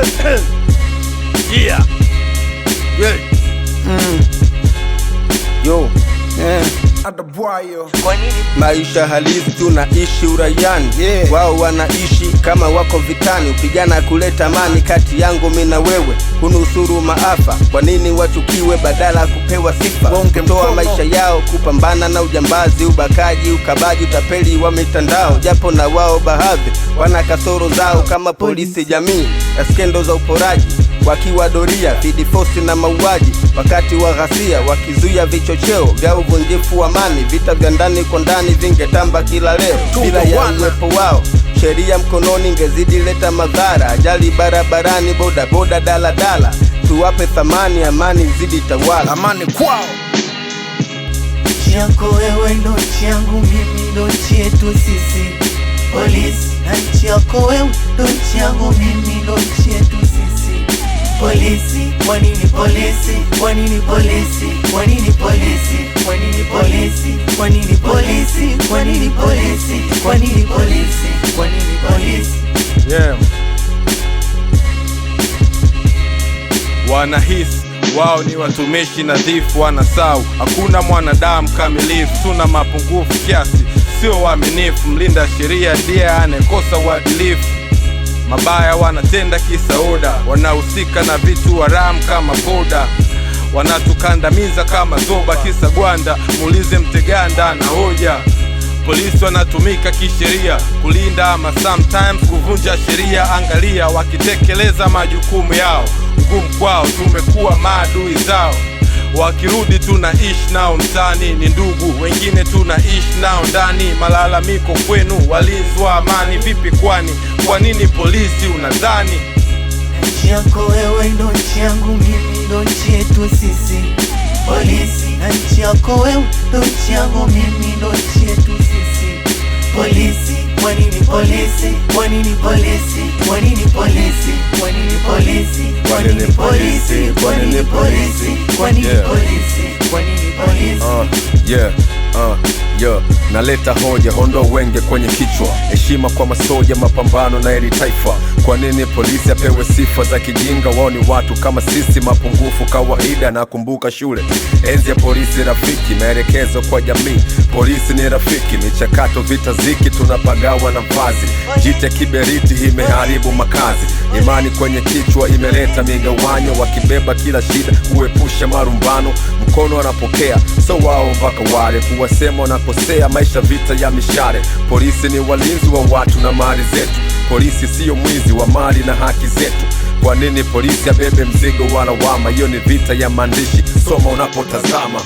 yeah. Yeah. Mm. Yo. Yeah. Maisha halisi tunaishi uraiani, yeah. Wao wanaishi kama wako vitani, upigana kuleta mani kati yangu mi na wewe, hunusuru maafa. Kwa nini wachukiwe badala kupewa sifa? kutoa maisha yao kupambana na ujambazi, ubakaji, ukabaji, utapeli wa mitandao, japo na wao bahadhi wana kasoro zao kama polisi jamii na skendo za uporaji, wakiwa doria dhidi fosi na mauaji, wakati wa ghasia wakizuia vichocheo vya uvunjifu wa mani Vita vya ndani kwa ndani vingetamba kila leo bila ya uwepo wao sheria mkononi ngezidi leta madhara, ajali barabarani, bodaboda, daladala. Tuwape thamani, amani zidi tawala, amani kwao. yako wewe, ndo yangu mimi, ndo yetu sisi. Polisi yako wewe, dochi yangu mimi, dochi yetu sisi. Polisi, kwa nini polisi? Kwa nini polisi? Kwa nini polisi? Kwa nini polisi? Kwa nini polisi? Kwa nini polisi? Kwa nini polisi? Kwa nini polisi? Yeah. Wanahisi wao ni watumishi nadhifu, wanasau hakuna mwanadamu kamilifu, tuna mapungufu kiasi sio waaminifu. Mlinda sheria ndiye anekosa uadilifu. Mabaya wanatenda kisauda, wanahusika na vitu haramu kama poda, wanatukandamiza kama zoba kisa gwanda. Muulize Mteganda na hoja Polisi wanatumika kisheria kulinda ama sometimes kuvunja sheria. Angalia wakitekeleza majukumu yao, ngumu kwao, tumekuwa maadui zao wakirudi ish nao mtani, ni ndugu wengine ish nao ndani. Malalamiko kwenu walizwa amani vipi? Kwani kwa nini polisi unadhani? Nchi yako wewe ndo nchi yangu mimi ndo nchi yetu sisi polisi, na nchi yako wewe ndo nchi yangu mimi ndo nchi yetu sisi polisi. Kwa nini polisi? Kwa nini polisi? Kwa nini polisi? Kwa nini polisi? Kwa nini polisi? Kwa nini polisi? yeah. Uh, yeah. naleta hoja, ondoa wenge kwenye kichwa, heshima kwa masoja, mapambano na heri taifa. Kwa nini polisi apewe sifa za kijinga? Wao ni watu kama sisi, mapungufu kawaida. Nakumbuka shule enzi ya polisi rafiki, maelekezo kwa jamii, polisi ni rafiki, michakato vita ziki, tunapagawa na mvazi, jite kiberiti imeharibu makazi, imani kwenye kichwa imeleta migawanyo, wakibeba kila shida kuepusha marumbano, mkono anapokea so wao mpaka wale kuwasema wanakosea maisha kuendesha vita ya mishale. Polisi ni walinzi wa watu na mali zetu. Polisi siyo mwizi wa mali na haki zetu. Kwa nini polisi abebe mzigo wa lawama? Hiyo ni vita ya maandishi, soma unapotazama.